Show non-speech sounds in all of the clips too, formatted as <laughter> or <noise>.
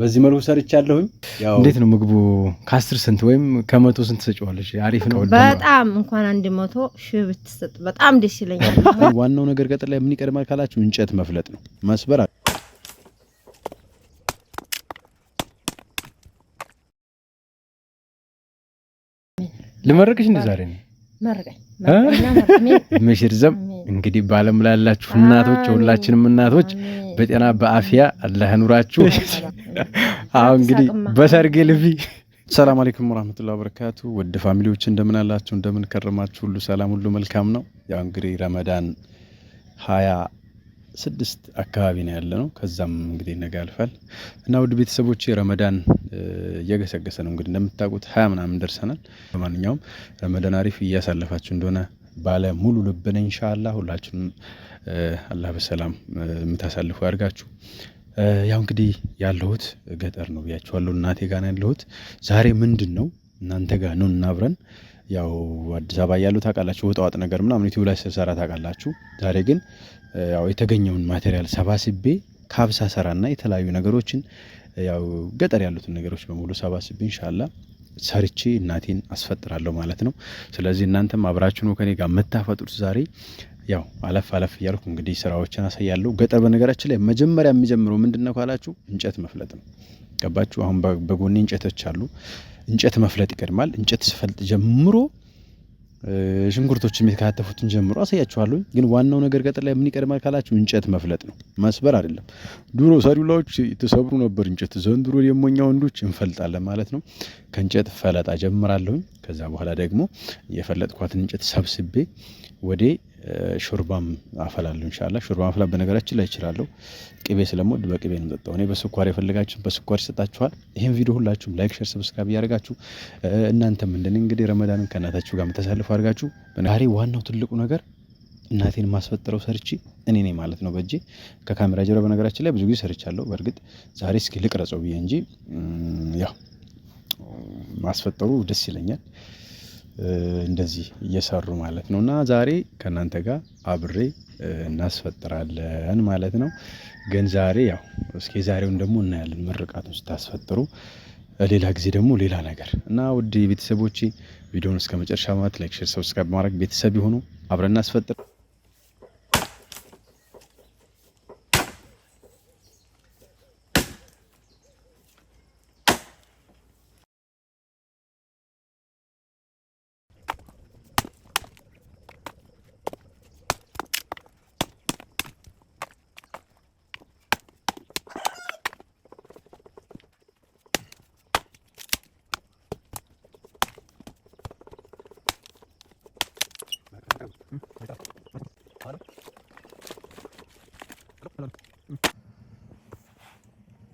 በዚህ መልኩ ሰርቻለሁኝ። እንዴት ነው ምግቡ? ከአስር ስንት ወይም ከመቶ ስንት ሰጭዋለች? አሪፍ ነው። በጣም እንኳን አንድ መቶ ሺህ ብትሰጥ በጣም ደስ ይለኛል። <laughs> ዋናው ነገር ቀጥል ላይ ምን ይቀድማል ካላችሁ እንጨት መፍለጥ ነው መስበር ልመረቅሽ እንደ ዛሬ ነው ምሽር ዘም እንግዲህ በዓለም ላይ ያላችሁ እናቶች ሁላችንም እናቶች በጤና በአፍያ አላህ ያኑራችሁ። አሁን እንግዲህ በሰርጌ ልፊ ሰላም አለይኩም ወራህመቱላሂ ወበረካቱ። ወደ ፋሚሊዎች እንደምን አላችሁ? እንደምን ከረማችሁ? ሁሉ ሰላም፣ ሁሉ መልካም ነው። ያው እንግዲህ ረመዳን ሀያ ስድስት አካባቢ ነው ያለ ነው። ከዛም እንግዲህ ነገ ያልፋል እና ውድ ቤተሰቦች ረመዳን እየገሰገሰ ነው። እንግዲህ እንደምታውቁት ሀያ ምናምን ደርሰናል። በማንኛውም ረመዳን አሪፍ እያሳለፋችሁ እንደሆነ ባለ ሙሉ ልብን እንሻላ ሁላችንም አላህ በሰላም የምታሳልፉ ያድርጋችሁ። ያው እንግዲህ ያለሁት ገጠር ነው ብያችኋለሁ። እናቴ ጋር ያለሁት። ዛሬ ምንድን ነው እናንተ ጋር ነው እናብረን ያው አዲስ አበባ እያለሁ ታውቃላችሁ ወጣዋጥ ነገር ምናምን ዩቲዩብ ላይ ስሰራ ታውቃላችሁ። ዛሬ ግን ያው የተገኘውን ማቴሪያል ሰባስቤ ካብሳ ሰራና የተለያዩ ነገሮችን ያው ገጠር ያሉትን ነገሮች በሙሉ ሰባስቤ እንሻላ ሰርቼ እናቴን አስፈጥራለሁ ማለት ነው። ስለዚህ እናንተም አብራችሁ ነው ከኔ ጋር የምታፈጥሩት ዛሬ ያው አለፍ አለፍ እያልኩ እንግዲህ ስራዎችን አሳያለሁ። ገጠር በነገራችን ላይ መጀመሪያ የሚጀምረው ምንድን ነው ካላችሁ እንጨት መፍለጥ ነው። ገባችሁ? አሁን በጎኔ እንጨቶች አሉ እንጨት መፍለጥ ይቀድማል። እንጨት ስፈልጥ ጀምሮ ሽንኩርቶች የተካተፉትን ጀምሮ አሳያችኋለሁ። ግን ዋናው ነገር ገጠር ላይ ምን ይቀድማል ካላችሁ እንጨት መፍለጥ ነው፣ መስበር አይደለም። ድሮ ሰዱላዎች የተሰብሩ ነበር እንጨት፣ ዘንድሮ ደግሞ እኛ ወንዶች እንፈልጣለን ማለት ነው። ከእንጨት ፈለጣ ጀምራለሁኝ። ከዛ በኋላ ደግሞ የፈለጥኳትን እንጨት ሰብስቤ ወደ ሹርባም አፈላለሁ እንሻላ ሹርባ አፈላ በነገራችን ላይ እችላለሁ። ቅቤ ስለምወድ በቅቤ ነው የምጠጣው። እኔ በስኳር የፈለጋችሁ በስኳር ይሰጣችኋል። ይህን ቪዲዮ ሁላችሁም ላይክ፣ ሸር፣ ሰብስክራይብ እያደረጋችሁ እናንተም እንደኔ እንግዲህ ረመዳንን ከእናታችሁ ጋር የምታሳልፉ አድርጋችሁ ዛሬ ዋናው ትልቁ ነገር እናቴን ማስፈጠረው ሰርቺ እኔ ነኝ ማለት ነው። በእጄ ከካሜራ ጀርባ በነገራችን ላይ ብዙ ጊዜ ሰርቻለሁ። በእርግጥ ዛሬ እስኪ ልቅረጸው ብዬ እንጂ ያው ማስፈጠሩ ደስ ይለኛል። እንደዚህ እየሰሩ ማለት ነው እና ዛሬ ከእናንተ ጋር አብሬ እናስፈጥራለን ማለት ነው። ግን ዛሬ ያው እስኪ ዛሬውን ደግሞ እናያለን ምርቃቱን ስታስፈጥሩ ሌላ ጊዜ ደግሞ ሌላ ነገር እና ውድ ቤተሰቦቼ ቪዲዮውን እስከ መጨረሻ ማለት ላይክ፣ ሼር፣ ሰብስክራይብ ማድረግ ቤተሰብ የሆኑ አብረን እናስፈጥር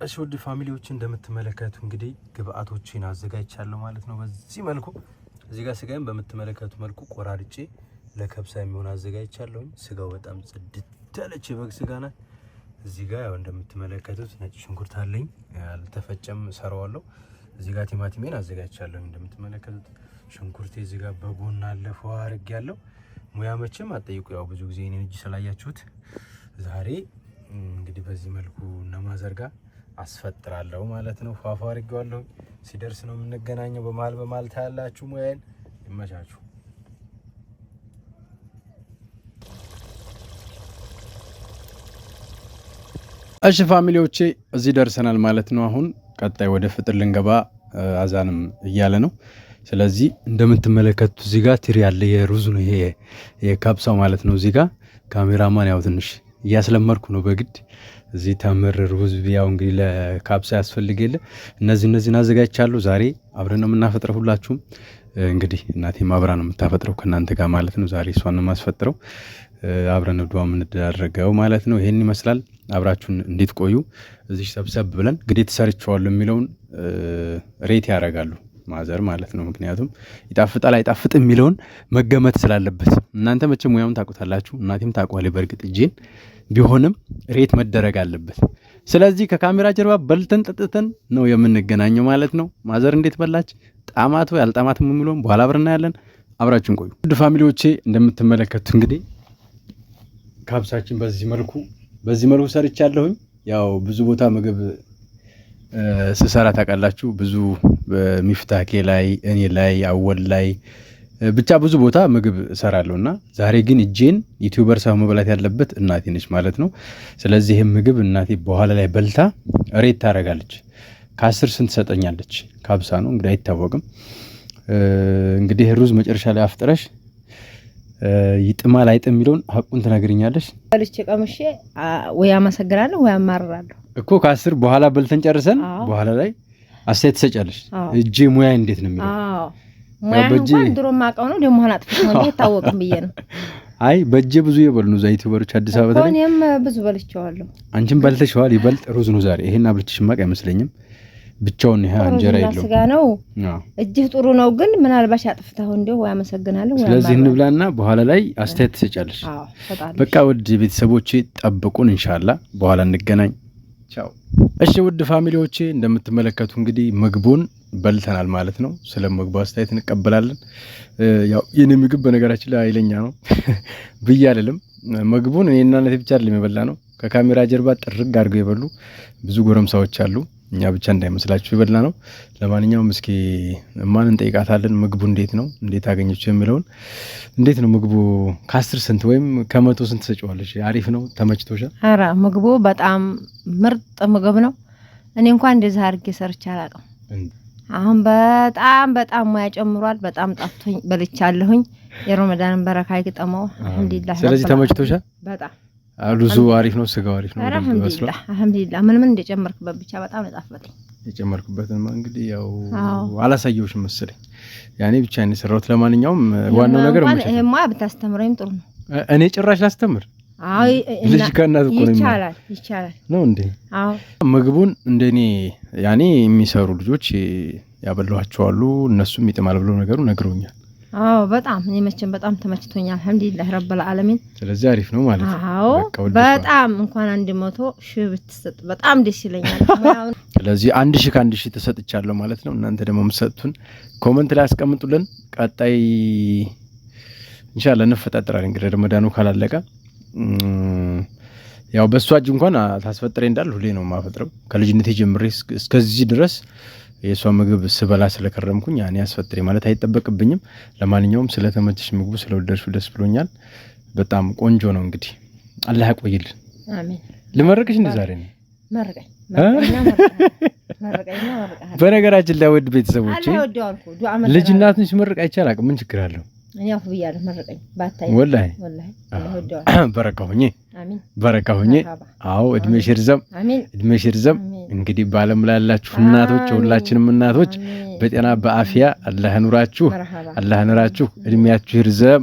እሺ ውድ ፋሚሊዎች እንደምትመለከቱ እንግዲህ ግብአቶችን አዘጋጅቻለሁ ማለት ነው። በዚህ መልኩ እዚህ ጋር ስጋዬን በምትመለከቱ መልኩ ቆራርጬ ለከብሳ የሚሆን አዘጋጅቻለሁ። ስጋው በጣም ጽድት ያለች የበግ ስጋ ናት። እዚህ ጋር ያው እንደምትመለከቱት ነጭ ሽንኩርት አለኝ፣ አልተፈጨም፣ ሰራዋለሁ። እዚህ ጋር ቲማቲሜን አዘጋጅቻለሁ። እንደምትመለከቱት ሽንኩርቴ እዚህ ጋር በጎን አለፈ አርግ ያለው ሙያ መቼም አጠይቁ፣ ያው ብዙ ጊዜ እኔን እጅ ስላያችሁት ዛሬ እንግዲህ በዚህ መልኩ እነማዘርጋ አስፈጥራለሁ ማለት ነው። ፏፏ አድርጌዋለሁ። ሲደርስ ነው የምንገናኘው። በመሀል በመሀል ታያላችሁ። ሙያዬን ይመቻችሁ። እሺ ፋሚሊዎቼ እዚህ ደርሰናል ማለት ነው። አሁን ቀጣይ ወደ ፍጥር ልንገባ አዛንም እያለ ነው። ስለዚህ እንደምትመለከቱት እዚህ ጋር ትሪ ያለ የሩዝ ነው ይሄ የካብሳው ማለት ነው። እዚህ ጋር ካሜራማን ያው ትንሽ እያስለመድኩ ነው በግድ እዚህ ተምር ሩዝ ያው እንግዲህ ለካብሳ ያስፈልግ የለ እነዚህ እነዚህን አዘጋጅቻለሁ። ዛሬ አብረን ነው የምናፈጥረው። ሁላችሁም እንግዲህ እናቴም አብራ ነው የምታፈጥረው ከእናንተ ጋር ማለት ነው። ዛሬ እሷን ነው የማስፈጥረው። አብረን ነው ዱዓ የምንደራረገው ማለት ነው። ይህን ይመስላል። አብራችሁን እንዴት ቆዩ። እዚህ ሰብሰብ ብለን ግዴ ተሰርቼዋለሁ የሚለውን ሬት ያደርጋሉ ማዘር ማለት ነው። ምክንያቱም ይጣፍጣል አይጣፍጥ የሚለውን መገመት ስላለበት እናንተ መቼ ሙያውን ታውቁታላችሁ፣ እናቴም ታቋል በእርግጥ እጄን ቢሆንም ሬት መደረግ አለበት። ስለዚህ ከካሜራ ጀርባ በልተን ጠጥተን ነው የምንገናኘው ማለት ነው። ማዘር እንዴት በላች ጣማት ወይ አልጣማትም የሚለውን በኋላ አብረና ያለን አብራችን ቆዩ። ውድ ፋሚሊዎቼ እንደምትመለከቱት እንግዲህ ካብሳችን በዚህ መልኩ በዚህ መልኩ ሰርቻለሁኝ። ያው ብዙ ቦታ ምግብ ስሰራ ታውቃላችሁ። ብዙ ሚፍታኬ ላይ፣ እኔ ላይ፣ አወል ላይ ብቻ ብዙ ቦታ ምግብ እሰራለሁ እና ዛሬ ግን እጄን ዩቲዩበር ሰው መብላት ያለበት እናቴ ነች ማለት ነው። ስለዚህ ይህም ምግብ እናቴ በኋላ ላይ በልታ ሬት ታደርጋለች። ከአስር ስንት ሰጠኛለች? ከአብሳ ነው እንግዲህ አይታወቅም። እንግዲህ ሩዝ መጨረሻ ላይ አፍጥረሽ ይጥማል አይጥም የሚለውን ሀቁን ትነግርኛለች። ልቼ ቀምሼ ወይ አመሰግናለሁ ወይ አማርራለሁ። እኮ ከአስር በኋላ በልተን ጨርሰን በኋላ ላይ አስተያየት ትሰጫለሽ። እጄ ሙያ እንዴት ነው የሚለው ሙያ እንኳን ድሮ ማውቀው ነው ደግሞ ሆና ነው አይታወቅም ብዬ ነው። <laughs> አይ በእጄ ብዙ የበሉ ነው እዛ ዩቲዩበሮች አዲስ አበባ ተለኝ እኔም ብዙ በልቼዋለሁ። አንቺም በልተሽዋል። ይበልጥ ሩዝ ነው ዛሬ። ይሄን አብልተሽ ማቅ አይመስለኝም። ብቻውን ይሄ እንጀራ የለውም። ስጋ ነው እጅህ ጥሩ ነው፣ ግን ምናልባሽ አጥፍተው እንዲ ወይ አመሰግናለሁ። ስለዚህ እንብላና በኋላ ላይ አስተያየት ትሰጫለሽ። በቃ ውድ ቤተሰቦቼ ጠብቁን። እንሻላ በኋላ እንገናኝ። ቻው። እሺ ውድ ፋሚሊዎቼ እንደምትመለከቱ እንግዲህ ምግቡን በልተናል ማለት ነው። ስለ ምግቡ አስተያየት እንቀበላለን። ያው የኔ ምግብ በነገራችን ላይ ኃይለኛ ነው <laughs> ብዬ አልልም። ምግቡን እኔና ነቴ ብቻ አይደለም የበላ ነው። ከካሜራ ጀርባ ጥርግ አድርገው የበሉ ብዙ ጎረምሳዎች አሉ። እኛ ብቻ እንዳይመስላችሁ የበላ ነው። ለማንኛውም እስኪ ማን እንጠይቃታለን። ምግቡ እንዴት ነው እንዴት አገኘችው የሚለውን እንዴት ነው ምግቡ ከአስር ስንት ወይም ከመቶ ስንት ሰጭዋለች? አሪፍ ነው ተመችቶሻል? ኧረ ምግቡ በጣም ምርጥ ምግብ ነው። እኔ እንኳን እንደዚህ አድርጌ ሰርቼ አላውቅም። አሁን በጣም በጣም ሙያ ጨምሯል። በጣም ጣፍቶኝ በልቻለሁኝ። የረመዳንን በረካ ይግጠመው። ስለዚህ ተመችቶሻል በጣም አሉዙ አሪፍ ነው፣ ስጋው አሪፍ ነው። አልሐምዱሊላህ አልሐምዱሊላህ። ምን ምን እንደጨመርክበት ብቻ በጣም ነው የጣፈጠኝ። የጨመርክበትማ እንግዲህ ያው አላሳየሁሽም መሰለኝ ያኔ ብቻ ነው የሰራሁት። ለማንኛውም ዋናው ነገር ማለት ይሄማ ብታስተምረኝ ጥሩ ነው። እኔ ጭራሽ ላስተምር? አይ ልጅ ከእናት እኮ ነው። ይቻላል ይቻላል ነው እንዴ? አዎ ምግቡን እንደኔ ያኔ የሚሰሩ ልጆች ያበላኋቸዋሉ። እነሱም ይጥማል ብለው ነገሩ ነግረውኛል። አዎ በጣም እኔ መቼም በጣም ተመችቶኛል። አልሐምዱሊላህ ረብል ዓለሚን። ስለዚህ አሪፍ ነው ማለት ነው። አዎ በጣም እንኳን አንድ መቶ ሺህ ብትሰጥ በጣም ደስ ይለኛል። ስለዚህ አንድ ሺህ ከአንድ ሺህ ተሰጥቻለሁ ማለት ነው። እናንተ ደግሞ የምትሰጡን ኮመንት ላይ አስቀምጡልን። ቀጣይ ኢንሻአላህ እንፈጣጠራል። እንግዲህ ረመዳኑ ካላለቀ ያው በሷ እጅ እንኳን ታስፈጥሬ እንዳል ሁሌ ነው የማፈጥረው ከልጅነቴ ጀምሬ እስከዚህ ድረስ የእሷ ምግብ ስበላ ስለከረምኩኝ እኔ አስፈጥሬ ማለት አይጠበቅብኝም። ለማንኛውም ስለተመችሽ ምግቡ ስለወደድሽ ደስ ብሎኛል። በጣም ቆንጆ ነው። እንግዲህ አላህ ያቆይልን። ልመረቅሽ እንደ ዛሬ ነው። በነገራችን ላይ ውድ ቤተሰቦች ልጅ እናትን ሲመርቅ አይቻል አቅም ምን ችግር አለው? ወላሂ በረካ <clears throat> በረካሁኝ። በረካ ሁኜ። አዎ እድሜሽ ይርዘም፣ እድሜሽ ይርዘም። እንግዲህ በዓለም ላይ ያላችሁ እናቶች ሁላችንም እናቶች በጤና በአፊያ አላህ ኑራችሁ አላህ ኑራችሁ እድሜያችሁ ይርዘም፣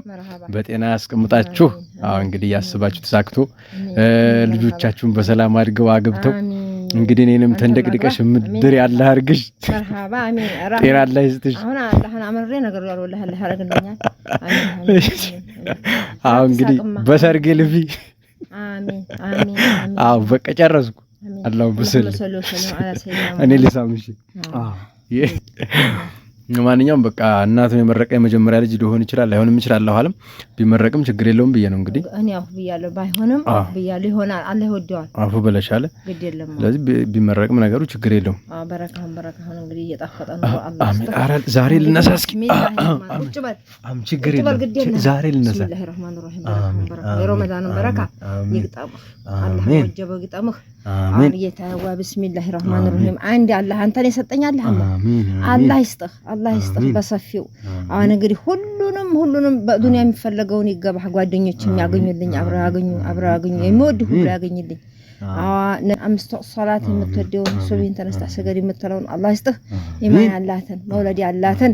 በጤና ያስቀምጣችሁ። አሁን እንግዲህ ያስባችሁ ተሳክቶ ልጆቻችሁን በሰላም አድገው አግብተው እንግዲህ እኔንም ተንደቅድቀሽ ምድር ያለ አርግሽ ጤና አላህ ይስጥሽ። አሁን እንግዲህ በሰርጌ ልፊ። አዎ በቃ ጨረስኩ። አላሁ ብስል እኔ ልሳምሽ ማንኛውም በቃ እናቱ የመረቀ የመጀመሪያ ልጅ ሊሆን ይችላል፣ አይሆንም ይችላል። አሁንም ቢመረቅም ችግር የለውም ብዬ ነው እንግዲህ እኔ አፉ ብያለሁ። ባይሆንም ብያለሁ ይሆናል። አለ ይወደዋል። አፉ በለሻለ ግድ የለም። ስለዚህ ቢመረቅም ነገሩ ችግር የለውም። በረካም በረካሁን እንግዲህ እየጣፈጠ ነው። ዛሬ ልነሳ እስኪ። ችግር የለም። ዛሬ ልነሳ። በረካ አላህ አሜን። ረህማን ረሂም። አንድ አላህ አንተን የሰጠኛለህ አላህ ይስጥህ አላህ ይስጥህ በሰፊው። አሁን እንግዲህ ሁሉንም ሁሉንም በዱንያ የሚፈለገውን ይገባህ። ጓደኞችም ያገኙልኝ፣ አብረው ያገኙ፣ አብረው ያገኙ፣ የሚወድ ሁሉ ያገኝልኝ። አምስት ሶላት የምትወደውን ሱብሂን ተነስተህ ሰገድ የምትለውን አላህ ይስጥህ። ኢማን ያላትን መውለድ ያላትን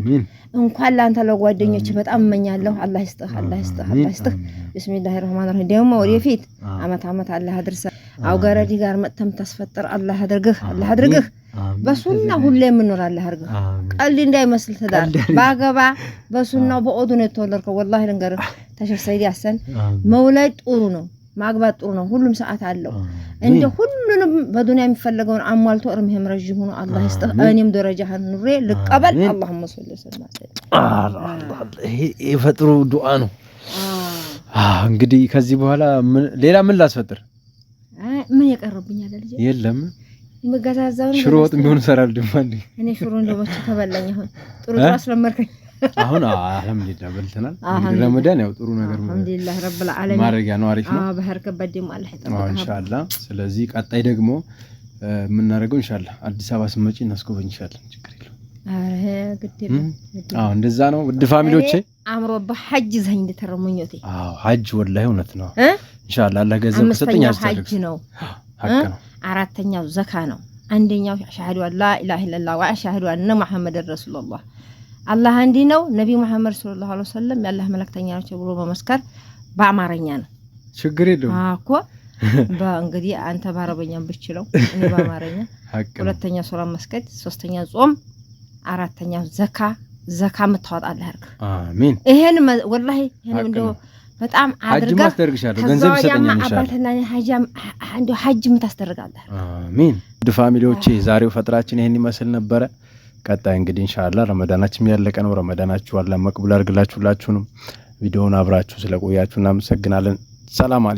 እንኳን ለአንተ ለጓደኞች በጣም እመኛለሁ። አላህ ይስጥህ፣ አላህ ይስጥህ፣ አላህ ይስጥህ። ቢስሚላሂ ረህማን ረሂም። ደግሞ ወደፊት አመት አመት አላህ አድርሰህ አውገረዲ ጋር መጥተህ ተስፈጥር አላህ አድርግህ፣ አላህ አድርግህ። በሱና ሁሌ የምኖራለ አድርገህ ቀልድ እንዳይመስል ትዳር ባገባ በሱና በኦዱ ነው የተወለድከው። ወላ ልንገር ተሸር ሰይድ ያሰን መውለድ ጥሩ ነው፣ ማግባት ጥሩ ነው። ሁሉም ሰዓት አለው። እንደ ሁሉንም በዱኒያ የሚፈለገውን አሟልቶ እርምህም ረዥም ሆኖ አላህ ይስጥህ። እኔም ደረጃ ኑሬ ልቀበል። አላሁመ ሶሊ የፈጥሩ ዱዓ ነው። እንግዲህ ከዚህ በኋላ ሌላ ምን ላስፈጥር? ምን ልጅ የለም መገዛዛውን ሽሮ ወጥ ቢሆን ሰራል ድማ እንዴ እኔ ሽሮ ተበላኝ። አሁን ጥሩ አስለመርከኝ። አሁን በልተናል። ረመዳን ያው ጥሩ ነገር ነው። ረብል ዓለሚን ማረጊያ ነው። አሪፍ ነው። ባህር ከበድ ስለዚህ ቀጣይ ደግሞ የምናደርገው ኢንሻአላህ አዲስ አበባ ስመጪ እናስጎበኝ ይሻላል። ችግር የለውም። አዎ እንደዛ ነው። ውድ ፋሚሊዎቼ አምሮባ ሐጅ ዘኝ እንደተረሙኝ አዎ ሐጅ ወላሂ እውነት ነው። ኢንሻአላህ አላህ ገንዘብ ከሰጠኝ ነው አራተኛው ዘካ ነው። አንደኛው አሽሀዱ አን ላኢላሀ ኢለላህ ወአሽሀዱ አነ ሙሐመደን ረሱሉላህ አላህ አንድ ነው፣ ነቢ ሙሐመድ ሰለላሁ ዐለይሂ ወሰለም የአላህ መልእክተኛ ናቸው ብሎ መመስከር በአማርኛ ነው። ችግር የለውም እኮ እንግዲህ አንተ በአረበኛም ብችለው እኔ በአማርኛ። ሁለተኛ ሶላት መስገድ፣ ሶስተኛ ጾም፣ አራተኛው ዘካ ዘካ የምታወጣ አለ አድርግ። አሜን። ይሄን ወላሂ ይሄን እንደው በጣም አድርጋ ከዛ ገንዘብ አባትና እንዲያው ሀጅ የምታስደርጋለህ። አሚን። ውድ ፋሚሊዎቼ ዛሬው ፈጥራችን ይህን ይመስል ነበረ። ቀጣይ እንግዲህ እንሻላ ረመዳናችን ያለቀ ነው። ረመዳናችሁ አላ መቅቡል አድርግላችሁላችሁንም ቪዲዮውን አብራችሁ ስለቆያችሁ እናመሰግናለን። ሰላም